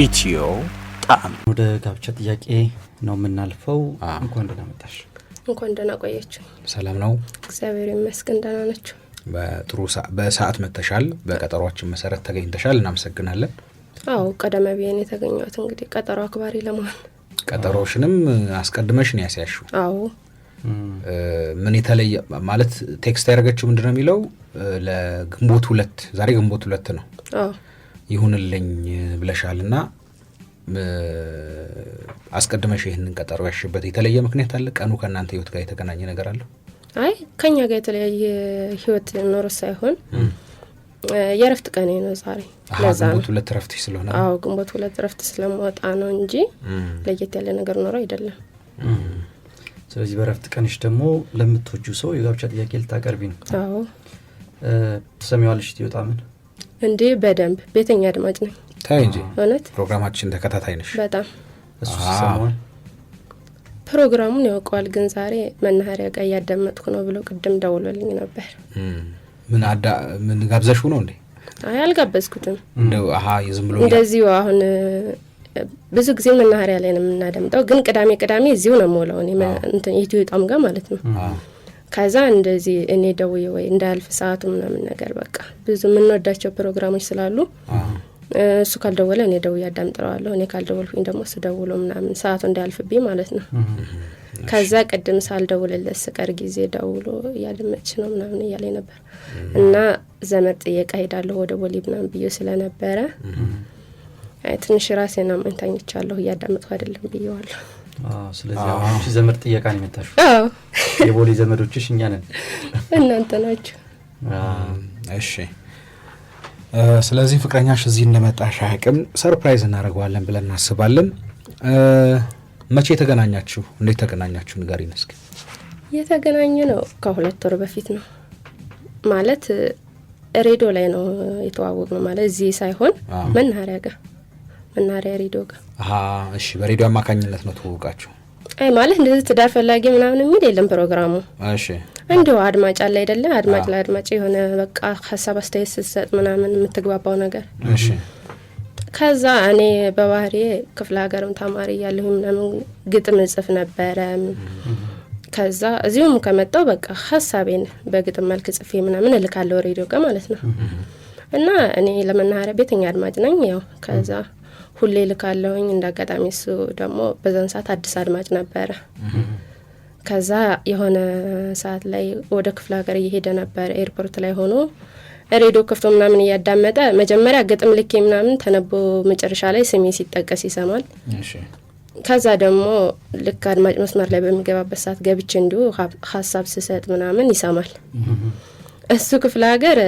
ኢትዮ ጣም ወደ ጋብቻ ጥያቄ ነው የምናልፈው። እንኳን ደህና መጣሽ። እንኳን ደህና ሰላም ነው? እግዚአብሔር ይመስገን ደህና ናቸው። በጥሩ በሰዓት መጥተሻል። በቀጠሯችን መሰረት ተገኝተሻል። እናመሰግናለን። አዎ ቀደመ ብዬ የተገኘሁት። እንግዲህ ቀጠሮ አክባሪ ለመሆን ቀጠሮሽንም አስቀድመሽን ያስያሹ። አዎ። ምን የተለየ ማለት ቴክስት ያደረገችው ምንድን ነው የሚለው ለግንቦት ሁለት ዛሬ ግንቦት ሁለት ነው ይሁንልኝ ብለሻል አስቀድመሽ ይህንን ቀጠሮ ያሽበት የተለየ ምክንያት አለ? ቀኑ ከእናንተ ህይወት ጋር የተገናኘ ነገር አለው? አይ ከኛ ጋር የተለያየ ህይወት ኖሮ ሳይሆን የእረፍት ቀኔ ነው ዛሬ። ግንቦት ሁለት ረፍት ስለሆነ? አዎ ግንቦት ሁለት እረፍት ስለመወጣ ነው እንጂ ለየት ያለ ነገር ኖሮ አይደለም። ስለዚህ በእረፍት ቀንሽ ደግሞ ለምትወጁ ሰው የጋብቻ ጥያቄ ልታቀርቢ ነው? አዎ። ትሰሚዋለሽ? ትወጣ ምን እንዴ በደንብ ቤተኛ አድማጭ ነኝ። ታይ እንጂ እውነት ፕሮግራማችን ተከታታይ ነሽ። በጣም ፕሮግራሙን ያውቀዋል፣ ግን ዛሬ መናኸሪያ ጋር እያዳመጥኩ ነው ብሎ ቅድም ደውሎልኝ ነበር። ምን አዳ ምን ጋብዘሽው ነው እንዴ? አይ አልጋበዝኩትም። እንደው አሀ ዝም ብሎ እንደዚሁ አሁን ብዙ ጊዜ መናኸሪያ ላይ ነው የምናደምጠው፣ ግን ቅዳሜ ቅዳሜ እዚሁ ነው ሞለውን ኢትዮ ጣም ጋር ማለት ነው ከዛ እንደዚህ እኔ ደውዬ ወይ እንዳያልፍ ሰዓቱ ምናምን ነገር በቃ ብዙ የምንወዳቸው ፕሮግራሞች ስላሉ እሱ ካልደወለ እኔ ደውዬ አዳምጥረዋለሁ። እኔ ካልደወልኩኝ ደግሞ እሱ ደውሎ ምናምን ሰዓቱ እንዳያልፍብኝ ማለት ነው። ከዛ ቅድም ሳልደውልለት ስቀር ጊዜ ደውሎ እያደመች ነው ምናምን እያለ ነበር እና ዘመድ ጥየቃ ሄዳለሁ ወደ ቦሌ ምናምን ብዬ ስለነበረ ትንሽ ራሴን አማኝ ታኝቻለሁ። እያዳመጥኩ አይደለም ብዬዋለሁ። ስለዚህ ዘመድ ጥየቃ ነው የመጣሽው? የቦሌ ዘመዶችሽ እኛ ነን፣ እናንተ ናችሁ። እሺ ስለዚህ ፍቅረኛሽ እዚህ እንደመጣሽ አያውቅም። ሰርፕራይዝ እናደርገዋለን ብለን እናስባለን። መቼ የተገናኛችሁ? እንዴት ተገናኛችሁ? ንገሪን እስኪ። የተገናኘ ነው ከሁለት ወር በፊት ነው ማለት ሬዲዮ ላይ ነው የተዋወቅ ነው ማለት እዚህ ሳይሆን መናሪያ ጋር መናሪያ ሬዲዮ ጋር እሺ በሬዲዮ አማካኝነት ነው ትውውቃችሁ? አይ ማለት እንደዚህ ትዳር ፈላጊ ምናምን የሚል የለም ፕሮግራሙ። እሺ እንዲሁ አድማጭ አለ አይደለ? አድማጭ ለአድማጭ የሆነ በቃ ሀሳብ አስተያየት ስትሰጥ ምናምን የምትግባባው ነገር። እሺ ከዛ እኔ በባህሪ ክፍለ ሀገርም ተማሪ እያለሁ ምናምን ግጥም እጽፍ ነበረ። ከዛ እዚሁም ከመጣው በቃ ሀሳቤን በግጥም መልክ ጽፌ ምናምን እልካለሁ ሬዲዮ ጋር ማለት ነው። እና እኔ ለመናኸሪያ ቤተኛ አድማጭ ነኝ ያው ከዛ ሁሌ ልካለሁኝ። እንደ አጋጣሚ እሱ ደግሞ በዛን ሰዓት አዲስ አድማጭ ነበረ። ከዛ የሆነ ሰዓት ላይ ወደ ክፍለ ሀገር እየሄደ ነበር። ኤርፖርት ላይ ሆኖ ሬዲዮ ከፍቶ ምናምን እያዳመጠ መጀመሪያ ግጥም ልኬ ምናምን ተነቦ መጨረሻ ላይ ስሜ ሲጠቀስ ይሰማል። ከዛ ደግሞ ልክ አድማጭ መስመር ላይ በሚገባበት ሰዓት ገብቼ እንዲሁ ሀሳብ ስሰጥ ምናምን ይሰማል። እሱ ክፍለ ሀገር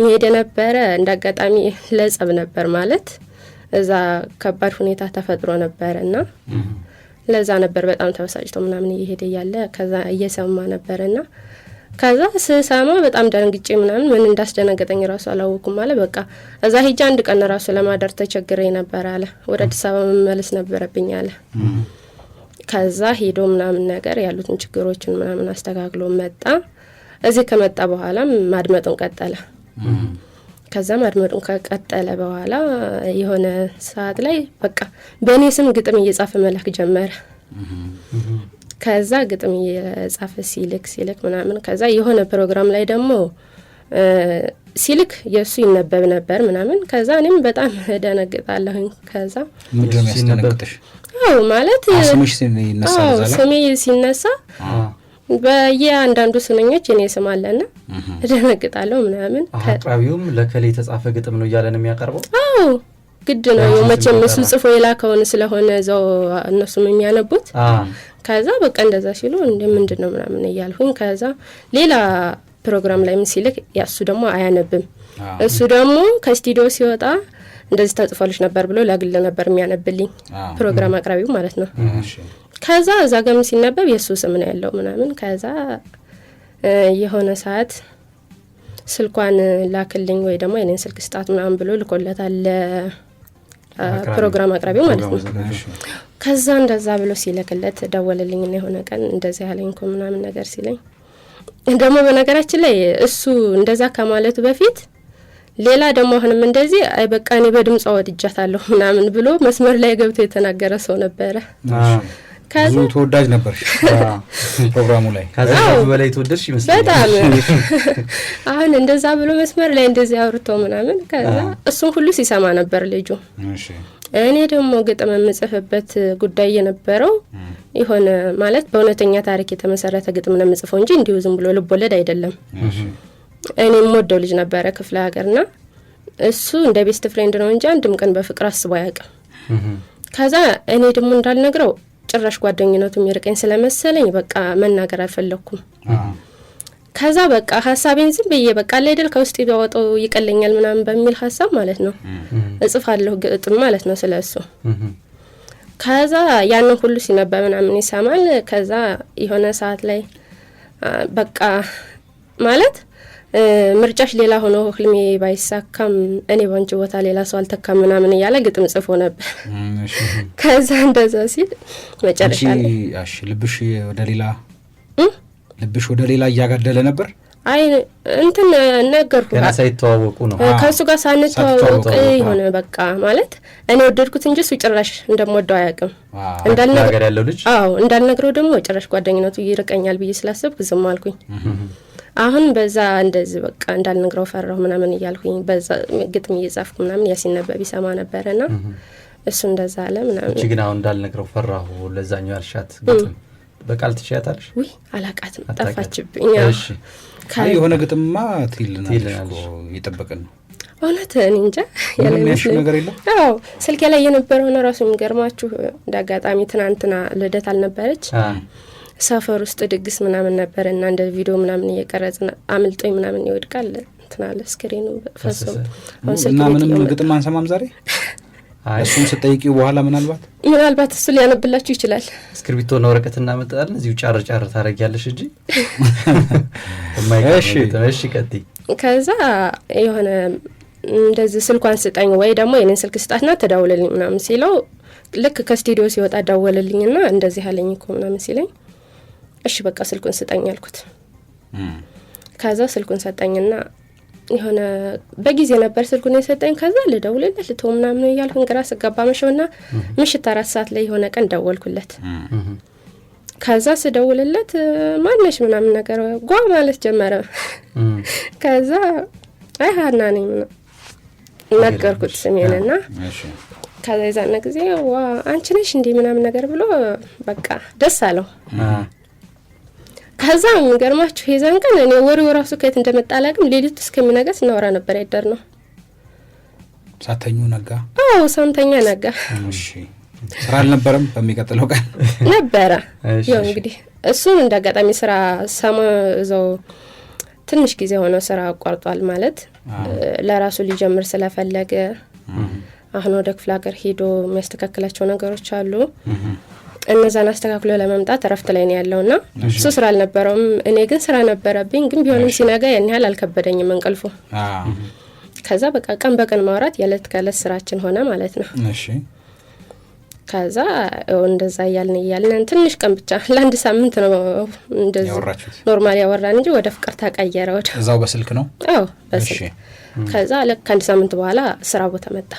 መሄድ የነበረ እንደ አጋጣሚ ለጸብ ነበር ማለት እዛ ከባድ ሁኔታ ተፈጥሮ ነበረ እና ለዛ ነበር በጣም ተበሳጭቶ ምናምን እየሄደ እያለ ከዛ እየሰማ ነበር እና ከዛ ስሰማ በጣም ደንግጬ ምናምን ምን እንዳስደነገጠኝ ራሱ አላወኩም። አለ በቃ እዛ ሂጃ አንድ ቀን ራሱ ለማደር ተቸግሬ ነበር አለ። ወደ አዲስ አበባ መመለስ ነበረብኝ አለ። ከዛ ሄዶ ምናምን ነገር ያሉትን ችግሮችን ምናምን አስተካክሎ መጣ። እዚህ ከመጣ በኋላም ማድመጡን ቀጠለ። ከዛ መርመሩን ከቀጠለ በኋላ የሆነ ሰዓት ላይ በቃ በእኔ ስም ግጥም እየጻፈ መላክ ጀመረ። ከዛ ግጥም እየጻፈ ሲልክ ሲልክ ምናምን ከዛ የሆነ ፕሮግራም ላይ ደግሞ ሲልክ የእሱ ይነበብ ነበር ምናምን። ከዛ እኔም በጣም ደነግጣለሁኝ። ከዛ ሲነበብ ው ማለት ስሜ ሲነሳ በየአንዳንዱ ስመኞች እኔ ስም አለና እደነግጣለሁ ምናምን። አቅራቢውም ለከሌ የተጻፈ ግጥም ነው እያለን የሚያቀርበው አዎ፣ ግድ ነው መቼም እሱ ጽፎ የላከውን ስለሆነ እዛው እነሱም የሚያነቡት። ከዛ በቃ እንደዛ ሲሉ እንደ ምንድን ነው ምናምን እያልሁኝ ከዛ ሌላ ፕሮግራም ላይ ምን ሲልክ እሱ ደግሞ አያነብም። እሱ ደግሞ ከስቱዲዮ ሲወጣ እንደዚህ ተጽፏልች ነበር ብሎ ለግል ነበር የሚያነብልኝ ፕሮግራም አቅራቢው ማለት ነው። ከዛ እዛ ገም ሲነበብ የእሱ ስም ነው ያለው ምናምን። ከዛ የሆነ ሰዓት ስልኳን ላክልኝ ወይ ደግሞ የኔን ስልክ ስጣት ምናምን ብሎ ልኮለታል ለፕሮግራም አቅራቢው ማለት ነው። ከዛ እንደዛ ብሎ ሲለክለት ደወለልኝና የሆነ ቀን እንደዚህ ያለኝ እኮ ምናምን ነገር ሲለኝ ደግሞ በነገራችን ላይ እሱ እንደዛ ከማለቱ በፊት ሌላ ደግሞ አሁንም እንደዚህ አይ በቃ እኔ በድምጿ ወድጃታለሁ ምናምን ብሎ መስመር ላይ ገብቶ የተናገረ ሰው ነበረ። ብዙ ተወዳጅ ነበር ፕሮግራሙ ላይ በላይ ተወደድሽ ይመስላል በጣም አሁን እንደዛ ብሎ መስመር ላይ እንደዚህ አውርቶ ምናምን ከዛ እሱም ሁሉ ሲሰማ ነበር ልጁ እኔ ደግሞ ግጥም የምጽፍበት ጉዳይ የነበረው የሆነ ማለት በእውነተኛ ታሪክ የተመሰረተ ግጥም ነው የምጽፈው እንጂ እንዲሁ ዝም ብሎ ወለድ አይደለም እኔ የምወደው ልጅ ነበረ ክፍለ ሀገርና እሱ እንደ ቤስት ፍሬንድ ነው እንጂ አንድም ቀን በፍቅር አስቦ አያውቅም ከዛ እኔ ደግሞ እንዳልነግረው ጭራሽ ጓደኝነቱ የሚርቀኝ ስለመሰለኝ በቃ መናገር አልፈለግኩም። ከዛ በቃ ሀሳቤን ዝም ብዬ በቃ ላይደል ከውስጥ ቢያወጣው ይቀለኛል ምናምን በሚል ሀሳብ ማለት ነው እጽፋለሁ ግጥም ማለት ነው ስለ እሱ። ከዛ ያንን ሁሉ ሲነበ ምናምን ይሰማል። ከዛ የሆነ ሰዓት ላይ በቃ ማለት ምርጫሽ ሌላ ሆኖ ህልሜ ባይሳካም እኔ ባንቺ ቦታ ሌላ ሰው አልተካም ምናምን እያለ ግጥም ጽፎ ነበር። ከዛ እንደዛ ሲል መጨረሻ ልብሽ ወደ ሌላ ልብሽ ወደ ሌላ እያጋደለ ነበር። አይ እንትን ነገርኩ ሳይተዋወቁ ነው ከእሱ ጋር ሳንተዋወቅ የሆነ በቃ ማለት እኔ ወደድኩት እንጂ እሱ ጭራሽ እንደምወደው አያውቅም። እንዳልነግረው ደግሞ ጭራሽ ጓደኝነቱ ይርቀኛል ብዬ ስላሰብኩ ዝም አልኩኝ። አሁን በዛ እንደዚህ በቃ እንዳልነግረው ፈራሁ ምናምን እያልኩኝ በዛ ግጥም እየጻፍኩ ምናምን ያሲነበብ ይሰማ ነበረ ና እሱ እንደዛ አለ ምናምን። እቺ ግን አሁን እንዳልነግረው ፈራሁ ለዛኛው ያልሻት ግጥም በቃል ትችያታለሽ? ውይ አላቃትም፣ ጠፋችብኝ። የሆነ ግጥማ ትይልናለሽ፣ እየጠበቅን ነው እውነት እኔ እንጃ ነገር የለም። አዎ ስልኬ ላይ የነበረውን ራሱ የሚገርማችሁ እንደ አጋጣሚ ትናንትና ልደት አልነበረች ሰፈር ውስጥ ድግስ ምናምን ነበር እና እንደ ቪዲዮ ምናምን እየቀረጽ አምልጦኝ ምናምን ይወድቃል ትናለ ስክሪኑ ፈሶ እና ምንም ግጥም አንሰማም ዛሬ። እሱም ስጠይቂው በኋላ ምናልባት ምናልባት እሱ ሊያነብላችሁ ይችላል። እስክሪብቶና ወረቀት እናመጣለን። እዚሁ ጫር ጫር ታደርጊያለሽ እንጂ እሺ። ቀጥ ከዛ የሆነ እንደዚህ ስልኳን ስጠኝ ወይ ደግሞ የኔን ስልክ ስጣትና ተዳውለልኝ ምናምን ሲለው ልክ ከስቱዲዮ ሲወጣ ደወልልኝና እንደዚህ አለኝ እኮ ምናምን ሲለኝ እሺ በቃ ስልኩን ስጠኝ አልኩት። ከዛ ስልኩን ሰጠኝና የሆነ በጊዜ ነበር ስልኩን የሰጠኝ። ከዛ ልደውልለት ልቶ ምናምን እያልኩ ግራ ስገባ መሸውና ምሽት አራት ሰዓት ላይ የሆነ ቀን ደወልኩለት። ከዛ ስደውልለት ማነሽ ምናምን ነገር ጓ ማለት ጀመረ። ከዛ አይ ሀና ነኝ ነገርኩት ስሜንና ከዛ የዛነ ጊዜ ዋ አንቺ ነሽ እንዲህ ምናምን ነገር ብሎ በቃ ደስ አለው። ከዛ የሚገርማችሁ የዛን ቀን እኔ ወሬው ራሱ ከየት እንደመጣ አላውቅም። ሌሊት እስከሚነጋ ስናወራ ነበር ያደር ነው። ሳተኙ ነጋ። አዎ ሳንተኛ ነጋ። ስራ አልነበረም። በሚቀጥለው ቀን ነበረ። ያው እንግዲህ እሱም እንደ አጋጣሚ ስራ ሰሞ እዛው ትንሽ ጊዜ ሆነው ስራ አቋርጧል። ማለት ለራሱ ሊጀምር ስለፈለገ አሁን ወደ ክፍለ ሀገር ሄዶ የሚያስተካክላቸው ነገሮች አሉ እነዛን አስተካክሎ ለመምጣት እረፍት ላይ ነው ያለው ና እሱ ስራ አልነበረውም። እኔ ግን ስራ ነበረብኝ። ግን ቢሆንም ሲነጋ ያን ያህል አልከበደኝም እንቅልፉ። ከዛ በቃ ቀን በቀን ማውራት የዕለት ከዕለት ስራችን ሆነ ማለት ነው። ከዛ እንደዛ እያልን እያልን ትንሽ ቀን ብቻ ለአንድ ሳምንት ነው ኖርማል ያወራን እንጂ ወደ ፍቅር ተቀየረ። ወደ እዛው በስልክ ነው። አዎ በስልክ ከዛ ልክ ከአንድ ሳምንት በኋላ ስራ ቦታ መጣ።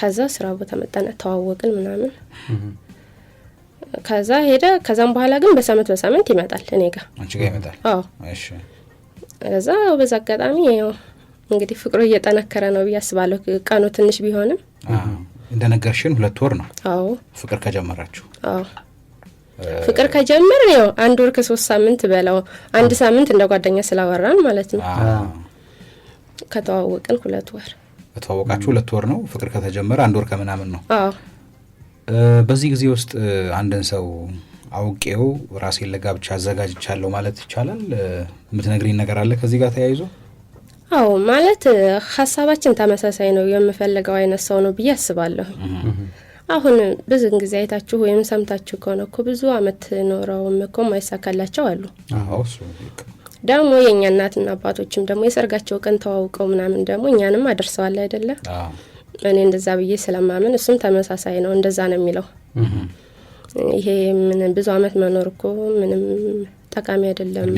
ከዛ ስራ ቦታ መጣን፣ ተዋወቅን ምናምን ከዛ ሄደ። ከዛም በኋላ ግን በሳምንት በሳምንት ይመጣል እኔ ጋ ከዛ በዛ አጋጣሚ እንግዲህ ፍቅሩ እየጠነከረ ነው ብዬ አስባለሁ። ቀኑ ትንሽ ቢሆንም እንደነገርሽን ሁለት ወር ነው። አዎ ፍቅር ከጀመራችሁ። አዎ ፍቅር ከጀመር ው አንድ ወር ከሶስት ሳምንት በለው አንድ ሳምንት እንደ ጓደኛ ስላወራን ማለት ነው። ከተዋወቅን ሁለት ወር በተዋወቃችሁ ሁለት ወር ነው። ፍቅር ከተጀመረ አንድ ወር ከምናምን ነው። በዚህ ጊዜ ውስጥ አንድን ሰው አውቄው ራሴን ለጋብቻ አዘጋጅቻለሁ ማለት ይቻላል? የምትነግሪኝ ነገር አለ ከዚህ ጋር ተያይዞ? አዎ፣ ማለት ሀሳባችን ተመሳሳይ ነው። የምፈልገው አይነት ሰው ነው ብዬ አስባለሁ። አሁን ብዙ ጊዜ አይታችሁ ወይም ሰምታችሁ ከሆነ እኮ ብዙ አመት ኖረውም እኮ ማይሳካላቸው አሉ። ደግሞ የእኛ እናትና አባቶችም ደግሞ የሰርጋቸው ቀን ተዋውቀው ምናምን ደግሞ እኛንም አደርሰዋል አይደለም። እኔ እንደዛ ብዬ ስለማምን እሱም ተመሳሳይ ነው፣ እንደዛ ነው የሚለው። ይሄ ምን ብዙ አመት መኖር እኮ ምንም ጠቃሚ አይደለም፣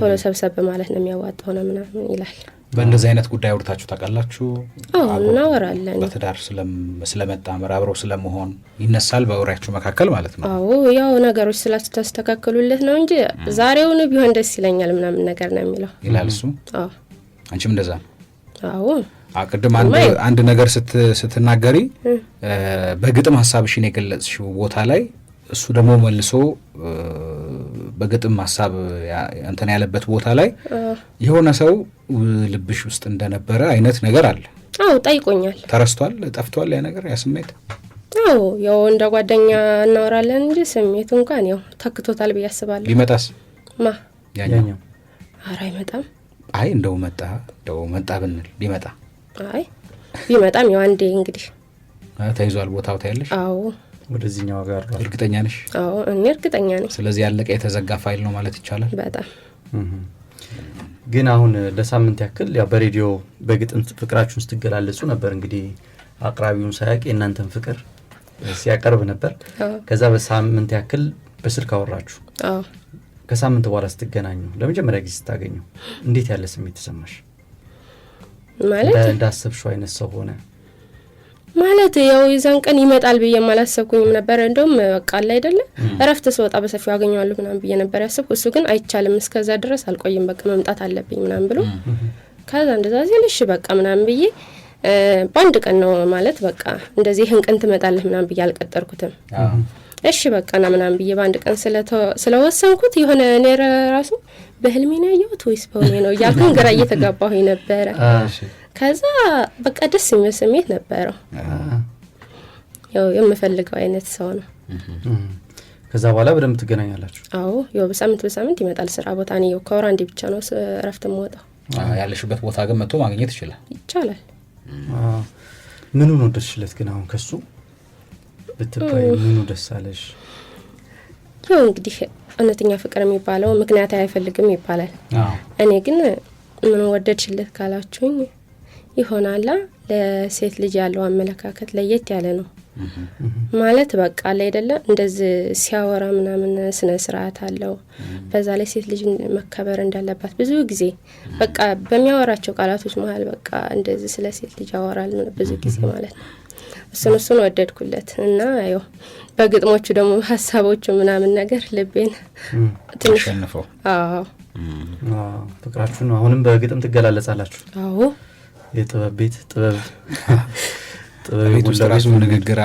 ቶሎ ሰብሰብ ማለት ነው የሚያዋጣው ነው ምናምን ይላል። በእንደዚህ አይነት ጉዳይ አውርታችሁ ታውቃላችሁ? እናወራለን። በትዳር ስለመጣመር አብረው ስለመሆን ይነሳል በወሬያችሁ መካከል ማለት ነው? አዎ ያው ነገሮች ስላስተካከሉለት ነው እንጂ ዛሬውን ቢሆን ደስ ይለኛል ምናምን ነገር ነው የሚለው ይላል እሱ። አንቺም እንደዛ ነው? አዎ ቅድም አንድ ነገር ስትናገሪ በግጥም ሀሳብሽን የገለጽሽው ቦታ ላይ እሱ ደግሞ መልሶ በግጥም ሀሳብ እንትን ያለበት ቦታ ላይ የሆነ ሰው ልብሽ ውስጥ እንደነበረ አይነት ነገር አለ። አዎ ጠይቆኛል። ተረስቷል፣ ጠፍቷል ያ ነገር ያ ስሜት? አዎ ያው እንደ ጓደኛ እናወራለን እንጂ ስሜቱ እንኳን ያው ተክቶታል ብዬ አስባለሁ። ቢመጣስ ማ ያኛው? ኧረ አይመጣም። አይ እንደው መጣ እንደው መጣ ብንል ቢመጣ? አይ ቢመጣም ያው አንዴ እንግዲህ ተይዟል ቦታው ታያለሽ። አዎ ወደዚህኛው ጋር እርግጠኛ ነሽ? አዎ እኔ እርግጠኛ ነኝ። ስለዚህ ያለቀ የተዘጋ ፋይል ነው ማለት ይቻላል። በጣም ግን አሁን ለሳምንት ያክል ያው በሬዲዮ በግጥም ፍቅራችሁን ስትገላለጹ ነበር። እንግዲህ አቅራቢውን ሳያውቅ የእናንተን ፍቅር ሲያቀርብ ነበር። ከዛ በሳምንት ያክል በስልክ አወራችሁ። ከሳምንት በኋላ ስትገናኙ ለመጀመሪያ ጊዜ ስታገኘው እንዴት ያለ ስሜት ተሰማሽ? ማለት እንዳሰብሽው አይነት ሰው ሆነ? ማለት ያው የዛን ቀን ይመጣል ብዬ አላሰብኩኝም ነበረ እንደውም በቃ አለ አይደለ እረፍት ስወጣ በሰፊው አገኘዋለሁ ምናም ብዬ ነበር ያሰብኩ። እሱ ግን አይቻልም፣ እስከዛ ድረስ አልቆይም፣ በቃ መምጣት አለብኝ ምናም ብሎ ከዛ እንደዛ ሲል በቃ ምናም ብዬ በአንድ ቀን ነው ማለት በቃ እንደዚህ ይህን ቀን ትመጣለህ ምናም ብዬ አልቀጠርኩትም። እሺ በቃ ና ምናምን ብዬ በአንድ ቀን ስለወሰንኩት የሆነ እኔ ራሱ በህልሜ ነው ያየሁት ወይስ በሆኔ ነው እያልኩን ግራ እየተጋባሁ ነበረ። ከዛ በቃ ደስ የሚል ስሜት ነበረው። ያው የምፈልገው አይነት ሰው ነው። ከዛ በኋላ በደንብ ትገናኛላችሁ? አዎ፣ ያው በሳምንት በሳምንት ይመጣል ስራ ቦታ። እኔ ያው ከወራ አንዴ ብቻ ነው እረፍት ወጣው ያለሽበት ቦታ ግን መጥቶ ማግኘት ይችላል ይቻላል። ምኑ ነው ደስሽለት ግን አሁን ከሱ ብትባይ ምኑ ደስ አለሽ? ያው እንግዲህ እውነተኛ ፍቅር የሚባለው ምክንያት አይፈልግም ይባላል። እኔ ግን ምን ወደድሽለት ካላችሁኝ ይሆናላ ለሴት ልጅ ያለው አመለካከት ለየት ያለ ነው። ማለት በቃ ላይ አይደለ እንደዚህ ሲያወራ ምናምን ስነ ስርዓት አለው። በዛ ላይ ሴት ልጅ መከበር እንዳለባት ብዙ ጊዜ በቃ በሚያወራቸው ቃላቶች መሀል በቃ እንደዚህ ስለ ሴት ልጅ ያወራል ብዙ ጊዜ ማለት ነው። እሱን እሱን ወደድኩለት እና ያው በግጥሞቹ ደግሞ ሀሳቦቹ ምናምን ነገር ልቤን ትንሽ ፍቅራችሁን አሁንም በግጥም ትገላለጻላችሁ? አዎ የጥበብ ቤት ጥበብ ቤት ውስጥ ንግግር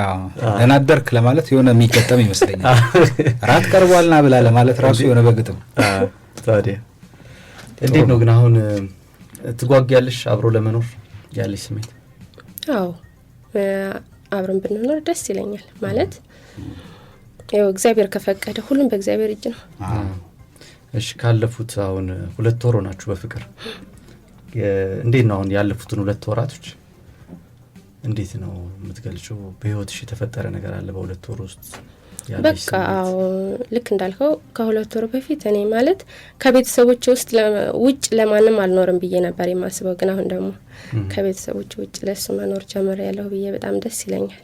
ለናደርክ ለማለት የሆነ የሚገጠም ይመስለኛል። ራት ቀርቧልና ብላ ለማለት ራሱ የሆነ በግጥም ታዲያ እንዴት ነው ግን አሁን ትጓግ ያለሽ አብሮ ለመኖር ያለሽ ስሜት? አዎ አብረን ብንኖር ደስ ይለኛል። ማለት ያው እግዚአብሔር ከፈቀደ ሁሉም በእግዚአብሔር እጅ ነው። እሺ ካለፉት አሁን ሁለት ወር ሆናችሁ በፍቅር እንዴት ነው አሁን ያለፉትን ሁለት ወራቶች እንዴት ነው የምትገልጪው? በህይወትሽ የተፈጠረ ነገር አለ በሁለት ወር ውስጥ በቃ ልክ እንዳልከው ከሁለት ወር በፊት እኔ ማለት ከቤተሰቦች ውስጥ ውጭ ለማንም አልኖርም ብዬ ነበር የማስበው። ግን አሁን ደግሞ ከቤተሰቦች ውጭ ለሱ መኖር ጀምር ያለሁ ብዬ በጣም ደስ ይለኛል።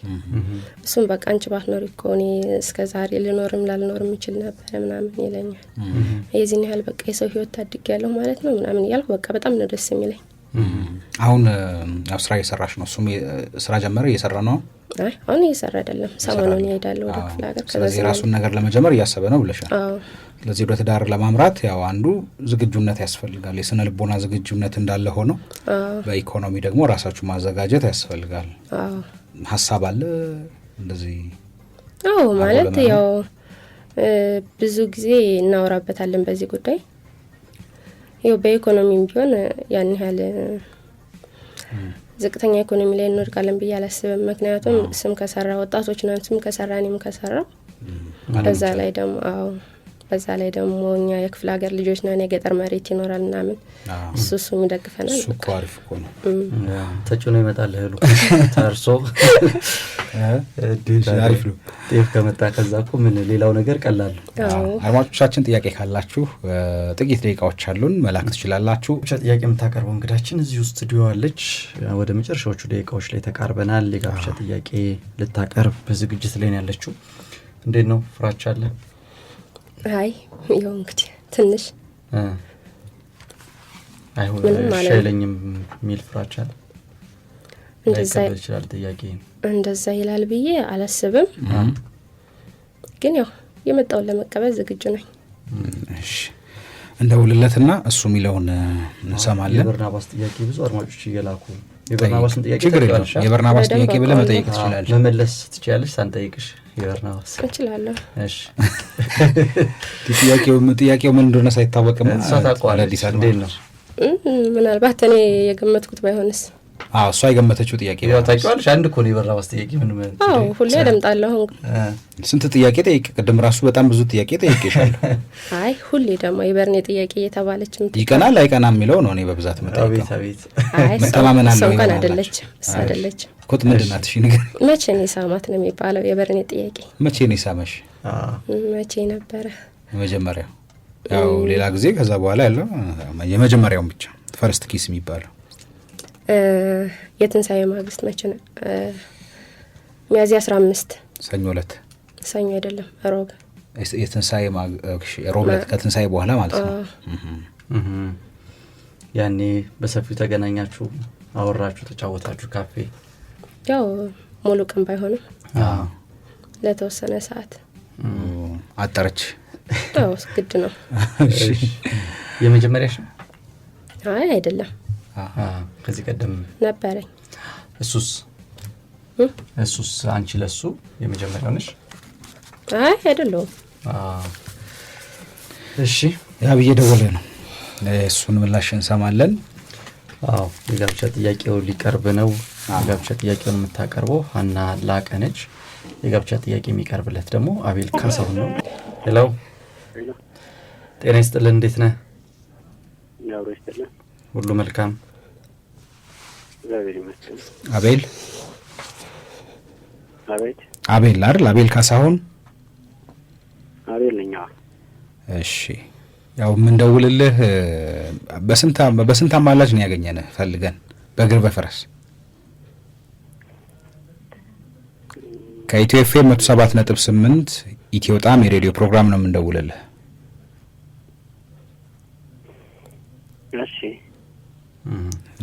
እሱም በቃ አንቺ ባትኖሪ እኮ እኔ እስከ ዛሬ ልኖርም ላልኖርም ይችል ነበር ምናምን ይለኛል። የዚህን ያህል በቃ የሰው ህይወት ታድግ ያለሁ ማለት ነው ምናምን እያልኩ በቃ በጣም ነው ደስ የሚለኝ። አሁን ያው ስራ እየሰራሽ ነው፣ እሱም ስራ ጀመረ እየሰራ ነው አሁን እየሰራ አይደለም። ሰሞኑን ይሄዳል ወደ ክፍለ ሀገር። ስለዚህ የራሱን ነገር ለመጀመር እያሰበ ነው ብለሻል። ስለዚህ ወደ ትዳር ለማምራት ያው አንዱ ዝግጁነት ያስፈልጋል። የስነ ልቦና ዝግጁነት እንዳለ ሆኖ በኢኮኖሚ ደግሞ ራሳችሁ ማዘጋጀት ያስፈልጋል። ሀሳብ አለ እንደዚህ። አዎ ማለት ያው ብዙ ጊዜ እናወራበታለን በዚህ ጉዳይ ያው በኢኮኖሚም ቢሆን ያን ያህል ዝቅተኛ ኢኮኖሚ ላይ እንወድቃለን ብዬ አላስብም። ምክንያቱም ስም ከሰራ ወጣቶች ነን፣ ስም ከሰራ እኔም ከሰራ በዛ ላይ ደግሞ አዎ በዛ ላይ ደግሞ እኛ የክፍለ ሀገር ልጆች ነን፣ የገጠር መሬት ይኖራል ምናምን እሱ እሱም ይደግፈናል። እኮ አሪፍ እኮ ነው። ተጭኖ ይመጣል እህሉ ታርሶ ነው ጤፍ ከመጣ ከዛ እኮ ምን ሌላው ነገር ቀላሉ። አድማጮቻችን ጥያቄ ካላችሁ ጥቂት ደቂቃዎች አሉን መላክ ትችላላችሁ። ጥያቄ የምታቀርበው እንግዳችን እዚሁ ስቱዲዮ አለች። ወደ መጨረሻዎቹ ደቂቃዎች ላይ ተቃርበናል። የጋብቻ ጥያቄ ልታቀርብ ዝግጅት ላይ ያለችው እንዴት ነው? ፍራቻ አለ? አይ ያው እንግዲህ ትንሽ አይለኝም የሚል ፍራቻ ይችላል ጥያቄ እንደዛ ይላል ብዬ አላስብም፣ ግን ያው የመጣውን ለመቀበል ዝግጁ ነኝ። እንደ ውልለትና እሱ የሚለውን እንሰማለን። የበርናባስ ጥያቄ ብዙ አድማጮች እየላኩ የበርናባስን ጥያቄ የበርናባስ ጥያቄ ብለህ መጠየቅ ትችላለህ። መመለስ ትችላለች ሳንጠይቅሽ የበርናባስ ትችላለህ። ጥያቄው ምን እንደሆነ ሳይታወቅም እሷ ታውቀዋለች። ምናልባት እኔ የገመትኩት ባይሆንስ እሷ የገመተችው ጥያቄ ታውቂዋለሽ። አንድ እኮ ነው የበራ ጥያቄ ምን ሁሌ አደምጣለሁ። ስንት ጥያቄ ጠይቅ። ቅድም ራሱ በጣም ብዙ ጥያቄ ጠይቄሻለሁ። አይ ሁሌ ደግሞ የበርኔ ጥያቄ እየተባለች ይቀናል አይቀና የሚለው ነው እኔ በብዛት መጠይቀውመተማመን ሰውቀን አደለች አደለች ኮት ምንድናት ሺ ነገር መቼ ነው የሳማት ነው የሚባለው የበርኔ ጥያቄ። መቼ ነው የሳመሽ? መቼ ነበረ መጀመሪያው? ያው ሌላ ጊዜ ከዛ በኋላ ያለው የመጀመሪያውን ብቻ ፈርስት ኪስ የሚባለው የትንሣኤ ማግስት መቼ ነው? ሚያዝያ አስራ አምስት ሰኞ ዕለት ሰኞ አይደለም፣ ሮብ የትንሣኤ ሮብ ዕለት ከትንሣኤ በኋላ ማለት ነው። ያኔ በሰፊው ተገናኛችሁ፣ አወራችሁ፣ ተጫወታችሁ ካፌ ያው ሙሉ ቀን ባይሆንም ለተወሰነ ሰዓት አጠረች። ግድ ነው። የመጀመሪያሽ? አይ አይደለም ከዚህ ቀደም ነበረኝ። እሱስ እሱስ አንቺ ለሱ የመጀመሪያው ነሽ? አይ አይደለሁም። እሺ ብዬ ደወለ ነው። እሱን ምላሽ እንሰማለን። አዎ የጋብቻ ጥያቄው ሊቀርብ ነው። የጋብቻ ጥያቄውን የምታቀርበው ሀና ላቀ ነች። የጋብቻ ጥያቄ የሚቀርብለት ደግሞ አቤል ካሳሁን ነው። ሄሎ ጤና ይስጥልን፣ እንዴት ነ? ሁሉ መልካም አቤል አቤል አይደል? አቤል ካሳሁን አቤል ነኝ። እሺ ያው የምንደውልልህ በስንት አማላጅ ነው ያገኘንህ ፈልገን በእግር በፈረስ ከኢትዮ ኤፍ ኤም መቶ ሰባት ነጥብ ስምንት ኢትዮ ጣም የሬዲዮ ፕሮግራም ነው የምንደውልልህ።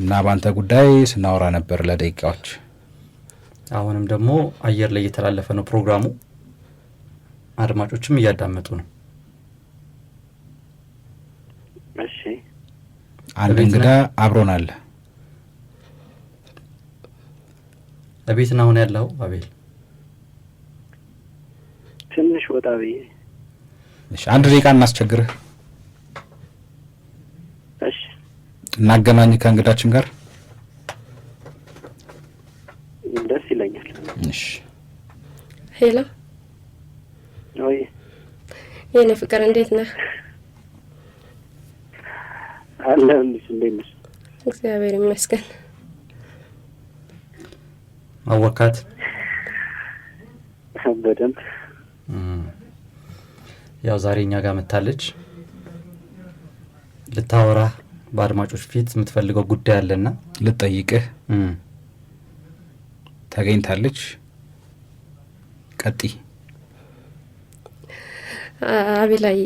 እና በአንተ ጉዳይ ስናወራ ነበር ለደቂቃዎች። አሁንም ደግሞ አየር ላይ እየተላለፈ ነው ፕሮግራሙ፣ አድማጮችም እያዳመጡ ነው። አንድ እንግዳ አብሮን አለ። እቤት ነው አሁን ያለው አቤል? ትንሽ ወጣ ብዬ አንድ ደቂቃ እናስቸግርህ። እሺ እናገናኝ ከእንግዳችን ጋር ደስ ይለኛል። እሺ ሄሎ፣ የኔ ፍቅር እንዴት ነህ? አለሁልሽ። እንዴት ነሽ? እግዚአብሔር ይመስገን። አወካት በደንብ ያው ዛሬ እኛ ጋር መታለች ልታወራ በአድማጮች ፊት የምትፈልገው ጉዳይ አለና ልጠይቅህ ተገኝታለች። ቀጢ ላይ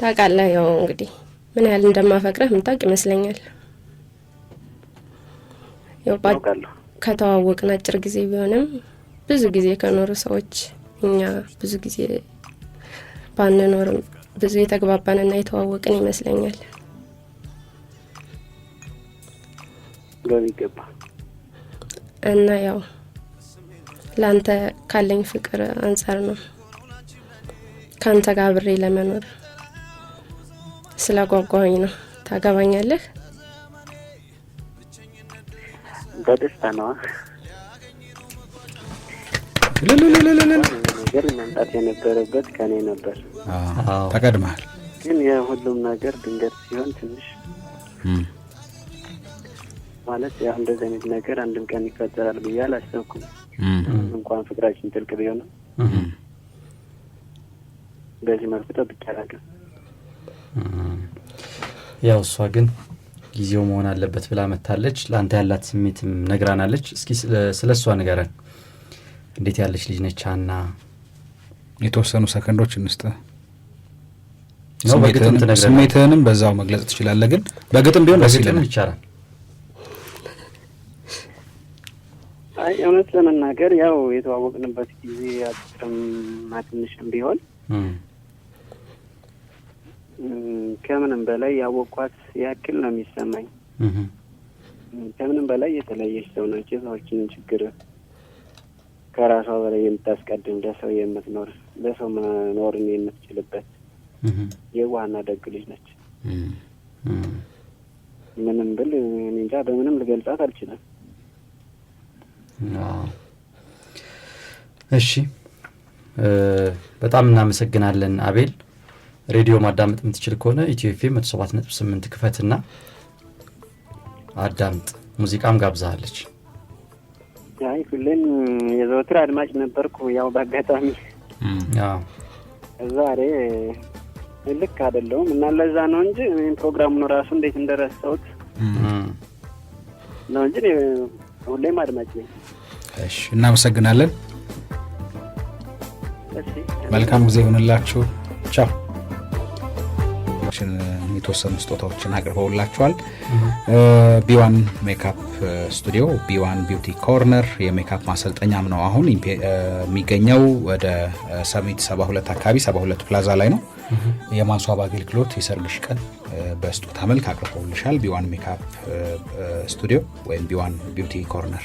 ታውቃለህ፣ ያው እንግዲህ ምን ያህል እንደማፈቅረህ የምታውቅ ይመስለኛል። ከተዋወቅ ከተዋወቅን አጭር ጊዜ ቢሆንም ብዙ ጊዜ ከኖሩ ሰዎች እኛ ብዙ ጊዜ ባንኖርም ብዙ የተግባባንና የተዋወቅን ይመስለኛል። በሚገባ እና ያው ለአንተ ካለኝ ፍቅር አንጻር ነው ከአንተ ጋር አብሬ ለመኖር ስለ ጓጓኝ ነው። ታገባኛለህ? በደስታ ነዋ። ነገር መምጣት የነበረበት ከኔ ነበር። ተቀድመሃል። ግን የሁሉም ነገር ድንገት ሲሆን ትንሽ ማለት ያው እንደዚህ አይነት ነገር አንድም ቀን ይፈጠራል ብዬ አላሰብኩም። እንኳን ፍቅራችን ጥልቅ ቢሆንም በዚህ መልኩ ጠብቄ አላውቅም። ያው እሷ ግን ጊዜው መሆን አለበት ብላ መታለች። ለአንተ ያላት ስሜትም ነግራናለች። እስኪ ስለ እሷ ንገረን። እንዴት ያለች ልጅ ነች ሀና? የተወሰኑ ሰከንዶች እንስጥ። ስሜትህንም በዛው መግለጽ ትችላለህ፣ ግን በግጥም ቢሆን ደስ ይለናል። ይቻላል። አይ እውነት ለመናገር ያው የተዋወቅንበት ጊዜ አጭርም ትንሽም ቢሆን ከምንም በላይ ያወቅኳት ያክል ነው የሚሰማኝ። ከምንም በላይ የተለየች ሰው ናቸው። የሰዎችን ችግር ከራሷ በላይ የምታስቀድም ለሰው የምትኖር ለሰው መኖርን የምትችልበት የዋና ደግ ልጅ ነች። ምንም ብል እንጃ በምንም ልገልጻት አልችልም። እሺ በጣም እናመሰግናለን አቤል። ሬዲዮ ማዳመጥ የምትችል ከሆነ ኢትዮ ኤፍኤም 107.8 ክፈትና አዳምጥ። ሙዚቃም ጋብዛሃለች። አይ ሁሌም የዘወትር አድማጭ ነበርኩ። ያው በአጋጣሚ ዛሬ ልክ አደለውም እና ለዛ ነው እንጂ ፕሮግራሙን ራሱ እንዴት እንደረሰውት ነው እንጂ ሁሌም አድማጭ ነኝ። እናመሰግናለን። መልካም ጊዜ ይሆንላችሁ። ቻው የተወሰኑ ስጦታዎችን አቅርበውላቸዋል። ቢዋን ሜካፕ ስቱዲዮ፣ ቢዋን ቢውቲ ኮርነር የሜካፕ ማሰልጠኛም ነው አሁን የሚገኘው ወደ ሰሚት 72 አካባቢ 72 ፕላዛ ላይ ነው። የማስዋብ አገልግሎት የሰርግሽ ቀን በስጦታ መልክ አቅርበውልሻል። ቢዋን ሜካፕ ስቱዲዮ ወይም ቢዋን ቢውቲ ኮርነር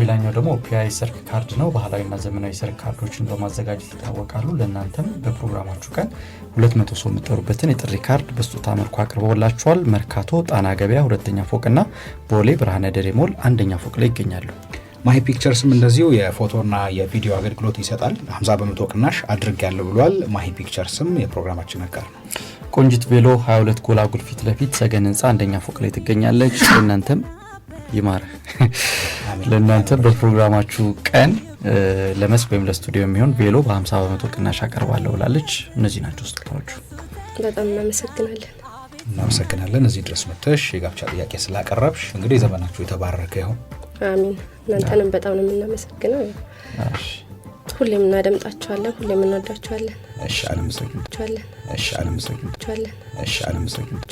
ሌላኛው ደግሞ ፒይ ሰርክ ካርድ ነው። ባህላዊና ዘመናዊ ሰርክ ካርዶችን በማዘጋጀት ይታወቃሉ። ለእናንተም በፕሮግራማችሁ ቀን 200 ሰው የምጠሩበትን የጥሪ ካርድ በስጦታ መልኩ አቅርበውላችኋል። መርካቶ ጣና ገበያ ሁለተኛ ፎቅና ቦሌ ብርሃነ ደሬ ሞል አንደኛ ፎቅ ላይ ይገኛሉ። ማይ ፒክቸርስም እንደዚሁ የፎቶና የቪዲዮ አገልግሎት ይሰጣል። 50 በመቶ ቅናሽ አድርግ ያለው ብሏል። ማይ ፒክቸርስም የፕሮግራማችን አጋር ነው። ቆንጅት ቬሎ 22 ጎላጉል ፊት ለፊት ሰገን ህንፃ አንደኛ ፎቅ ላይ ትገኛለች። እናንተም ይማረ ለእናንተ በፕሮግራማችሁ ቀን ለመስክ ወይም ለስቱዲዮ የሚሆን ቬሎ በ50 በመቶ ቅናሽ አቀርባለሁ ብላለች። እነዚህ ናቸው ስጦታዎቹ። በጣም እናመሰግናለን። እናመሰግናለን እዚህ ድረስ መተሽ የጋብቻ ጥያቄ ስላቀረብሽ። እንግዲህ ዘመናችሁ የተባረከ ይሁን። አሚን። እናንተንም በጣም ነው የምናመሰግነው። ሁሌም እናደምጣችኋለን፣ ሁሌም እንወዳችኋለን። እሺ አለምሰግናችኋለን። እሺ አለምሰግናችኋለን። እሺ አለምሰግና